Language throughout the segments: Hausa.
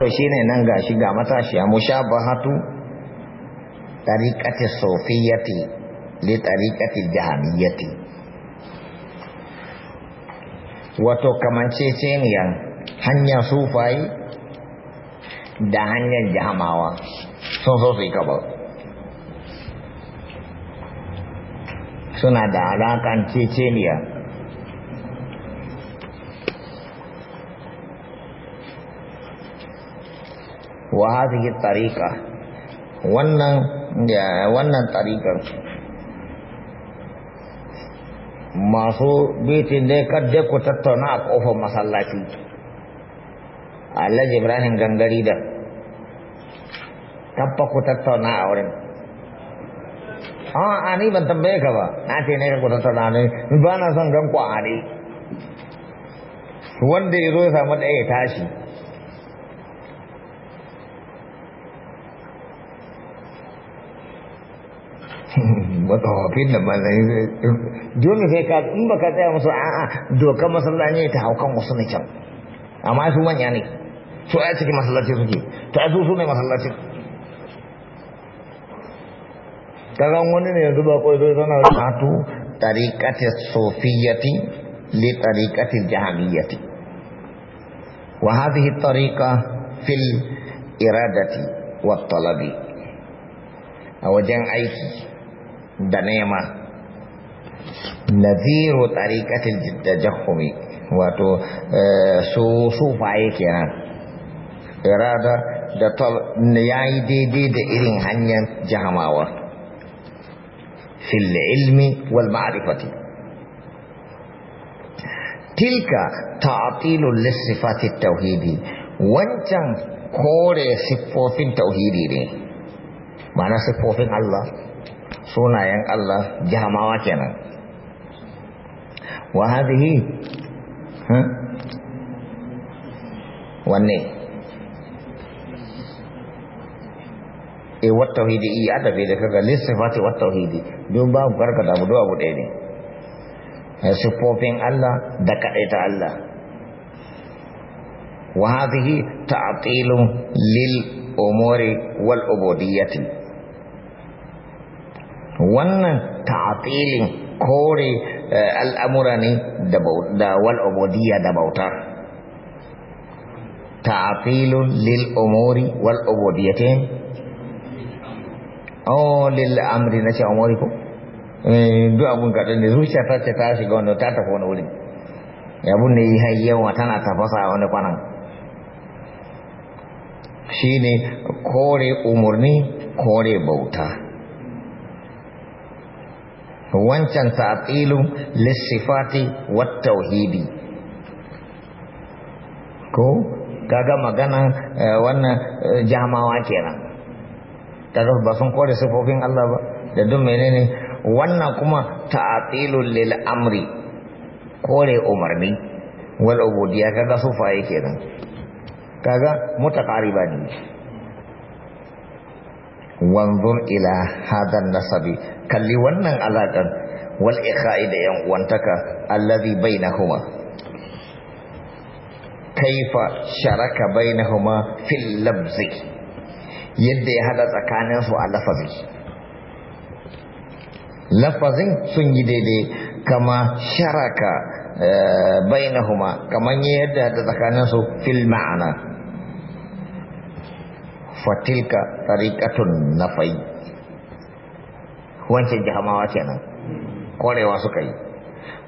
to shine nan gashi ga matashi matashiya mushabahatu tariqati sufiyyati li tariqati jahmiyyati wato yan hanyar sufai da hanyar jahamawa sun so sai kaba suna da alaƙan ceceniya wa hadhihi tariqa wannan wannan tariqar masu bitin dai kadde ku tattauna a kofar masallaci Allah Ibrahim gangari da tabba ku tattauna a wurin a ni ban tambaye ka ba na ce ne ka ku tattauna ne ba na son gan ku a wanda ya zo ya samu ɗaya tashi matsawafin da zai dole sai ka in baka tsaya musu a'a dokar masallaci ta haukan wasu na can amma su manya ne su a cikin masallaci suke ta zo su ne masallaci zan wani ne yanzu ba kawai zai zana wato tariqati sufiyati li tariqati jahmiyati wa hadhihi tariqa fil iradati wa talabi a wajen aiki da nema naziru tariqatil tajahhumi wato su sufaye kenan irada da yayi daidai da irin hanyar jahamawa fil ilmi wal ma'rifati tilka ta'tilul lisifati tauhidi wancan kore siffofin tauhidi ne ma'ana siffofin Allah sunayen Allah jahamawa kenan wa hadhihi hmm? wanne e wat tauhidi i adabi da kaga lissafati wat tauhidi don ba ku karka da mudu abu ɗaya ne sifofin Allah da ta Allah wa hadhihi ta'tilun lil umuri wal ubudiyyati wannan ta'atilin kore eh, al'amura ne da wal'ubudiyya da bauta ta'atilun lil umuri wal ubudiyyatin oh lil amri na ce umuri ko eh, duk abun kaɗan ne zuciya ta ce ta shiga wanda ta tafi wani wurin yabun ne yi hayyawa tana tafasa a wani kwanan shi ne kore umarni kore bauta wancan ta'tilun lissifati wat tauhidi ko kaga magana eh, wannan eh, jamawa kenan kaga ba sun kore sifofin Allah ba da duk menene wannan kuma ta'tilun lil amri kore umarni wal ubudiyya kaga sufaye kenan kaga mutaqariba ne wanzur ila hadan nasabi kalli wannan alaƙar wal ikha'i da yan uwantaka allazi bainahuma kaifa sharaka bainahuma fil labzi yadda ya hada tsakanin su a lafazi lafazin sun yi daidai kama sharaka eh, bainahuma kaman yadda da tsakanin su fil ma'ana fatilka tariqatun nafai wancan ce nan korewa suka yi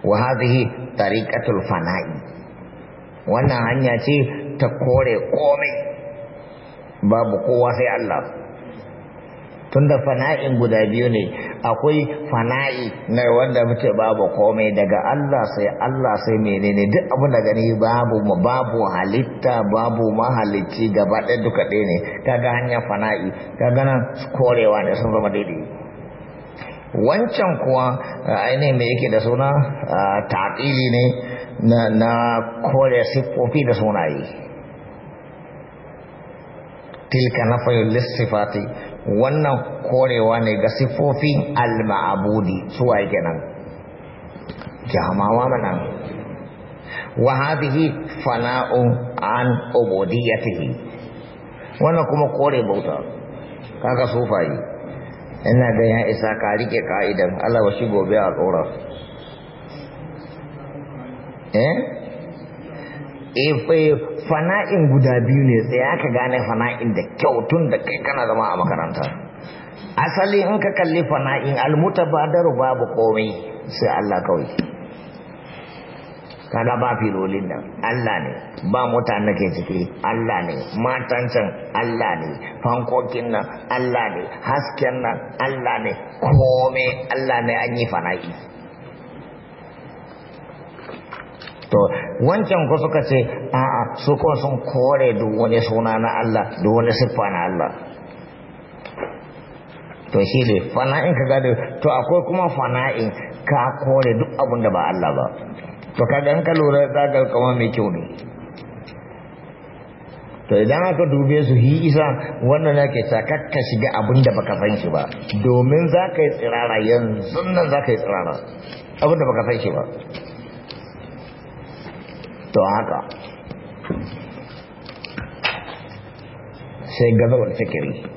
wa hadhihi tariqatul fana'i wannan hanya ce ta kore komai babu kowa sai Allah tunda fana'in guda biyu ne akwai fana'i na wanda muke babu komai daga Allah sai Allah sai menene duk abin da gani babu babu halitta babu mahalicci gaba ɗaya duka ɗaya ne kaga hanyar fana'i kaga nan korewa ne sun zama daidai wancan kuwa ainihin mai yake da suna taƙili ne na kore siffofi da sunaye tilka na fayyar lissifati wannan korewa ne ga siffofin al-ma'abudi suwa yake nan jamawa mana wa hadhihi fana'u an ubudiyyatihi wannan kuma kore bauta kaga sufayi ina ga ya isa ka rike ka'idan Allah ba shi gobe a tsora eh Eh, eh, fana'in guda biyu ne sai aka gane fana'in da kyau tun da kai kana zama a makaranta asali in ka kalli fana'in almutabadaru babu komai sai Allah kawai kaga ba filolin nan Allah ne ba mutane ke ciki Allah ne matan Allah ne fankokin nan Allah ne hasken nan Allah ne komai Allah ne an yi fana'i to wancan ku suka ce a'a su kuma sun kore duk wani suna na Allah duk wani siffa na Allah to shi ne fana'in ka gado to akwai kuma fana'in ka kore duk abin da ba Allah ba to kaga in ka lura zagar kama mai kyau ne to idan aka dube su hi isa wannan na ke sa kakka shiga abin da baka san shi ba domin za ka yi tsirara yanzu nan za ka yi tsirara abin da baka san shi ba to haka sai gazawar fikiri